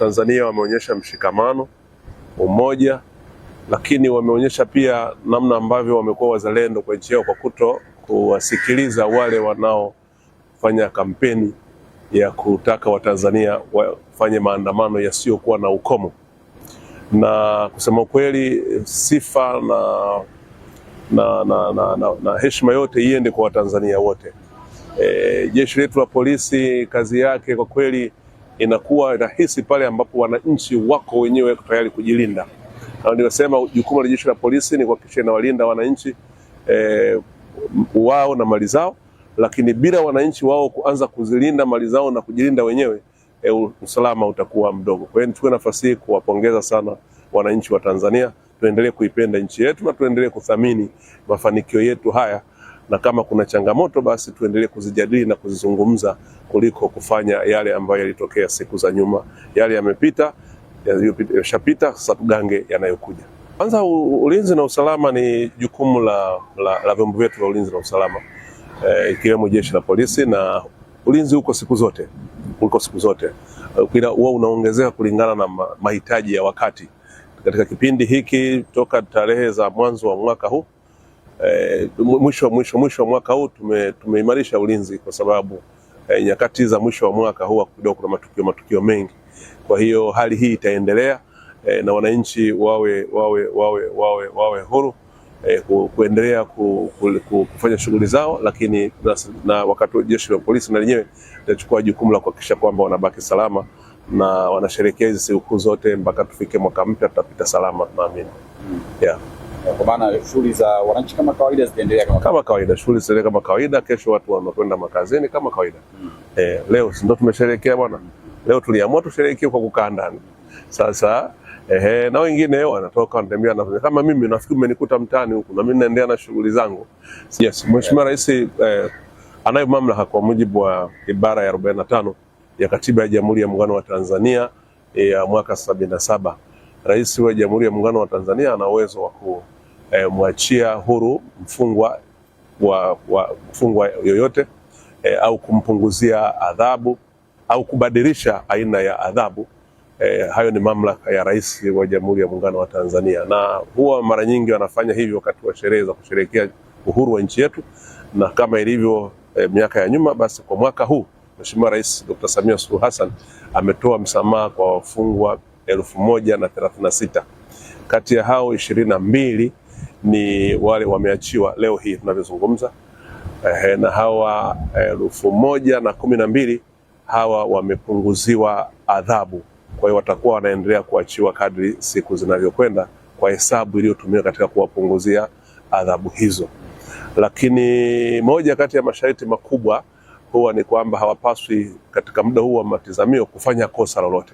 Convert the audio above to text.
Tanzania wameonyesha mshikamano, umoja, lakini wameonyesha pia namna ambavyo wamekuwa wazalendo kwa nchi yao kwa kuto kuwasikiliza wale wanaofanya kampeni ya kutaka Watanzania wafanye maandamano yasiyokuwa na ukomo. Na kusema kweli, sifa na, na, na, na, na, na heshima yote iende kwa Watanzania wote. E, jeshi letu la polisi kazi yake kwa kweli inakuwa rahisi pale ambapo wananchi wako wenyewe tayari kujilinda. Na nimesema jukumu la jeshi la polisi ni kuhakikisha inawalinda wananchi e, wao na mali zao, lakini bila wananchi wao kuanza kuzilinda mali zao na kujilinda wenyewe e, usalama utakuwa mdogo. Kwa hiyo nichukue nafasi hii kuwapongeza sana wananchi wa Tanzania. Tuendelee kuipenda nchi yetu na tuendelee kuthamini mafanikio yetu haya na kama kuna changamoto basi tuendelee kuzijadili na kuzizungumza kuliko kufanya yale ambayo yalitokea siku za nyuma. Yale yamepita, yashapita, sasa tugange yanayokuja. Kwanza, ulinzi na usalama ni jukumu la, la, la vyombo vyetu vya ulinzi na usalama e, ikiwemo jeshi la polisi na ulinzi uko siku zote, uko siku zote eh, huwa unaongezeka kulingana na mahitaji ya wakati. Katika kipindi hiki toka tarehe za mwanzo wa mwaka huu Eh, mwisho mwisho mwisho wa mwaka huu tume, tumeimarisha ulinzi kwa sababu eh, nyakati za mwisho wa mwaka huwa kidogo kuna matukio matukio mengi. Kwa hiyo hali hii itaendelea eh, na wananchi wawe, wawe, wawe, wawe, wawe huru eh, ku, kuendelea ku, ku, ku, kufanya shughuli zao, lakini na, na wakati jeshi la polisi na lenyewe litachukua jukumu la kuhakikisha kwamba wanabaki salama na wanasherehekea hizi sikukuu zote mpaka tufike mwaka mpya, tutapita salama tunaamini, hmm. yeah. Eh, kwa maana shughuli za wananchi kama kawaida zitaendelea kama kawaida, kawaida shughuli zitaendelea kama kawaida. Kesho watu wanakwenda makazini kama kawaida hmm. Eh, leo si ndo tumesherehekea bwana hmm. Leo tuliamua tusherehekee kwa kukaa ndani sasa Ehe, na wengine wanatoka wanatembea na kama mimi nafikiri umenikuta mtaani huku na mimi naendelea na shughuli zangu. Yes, Mheshimiwa Rais eh, anayo mamlaka kwa mujibu wa ibara ya 45 ya Katiba ya Jamhuri ya Muungano wa Tanzania eh, ya mwaka sabini na saba Rais wa Jamhuri ya Muungano wa Tanzania ana uwezo wa kumwachia eh, huru mfungwa wa, wa mfungwa yoyote e, au kumpunguzia adhabu au kubadilisha aina ya adhabu e, hayo ni mamlaka ya Rais wa Jamhuri ya Muungano wa Tanzania, na huwa mara nyingi wanafanya hivyo wakati wa sherehe za kusherehekea uhuru wa nchi yetu, na kama ilivyo e, miaka ya nyuma, basi kwa mwaka huu Mheshimiwa Rais Dr. Samia Suluhu Hassan ametoa msamaha kwa wafungwa elfu moja na thelathini na sita. Kati ya hao ishirini na mbili ni wale wameachiwa leo hii tunavyozungumza, eh, na hawa elfu moja na kumi na mbili hawa wamepunguziwa adhabu, kwa hiyo watakuwa wanaendelea kuachiwa kadri siku zinavyokwenda kwa hesabu iliyotumika katika kuwapunguzia adhabu hizo. Lakini moja kati ya masharti makubwa huwa ni kwamba hawapaswi katika muda huu wa matizamio kufanya kosa lolote.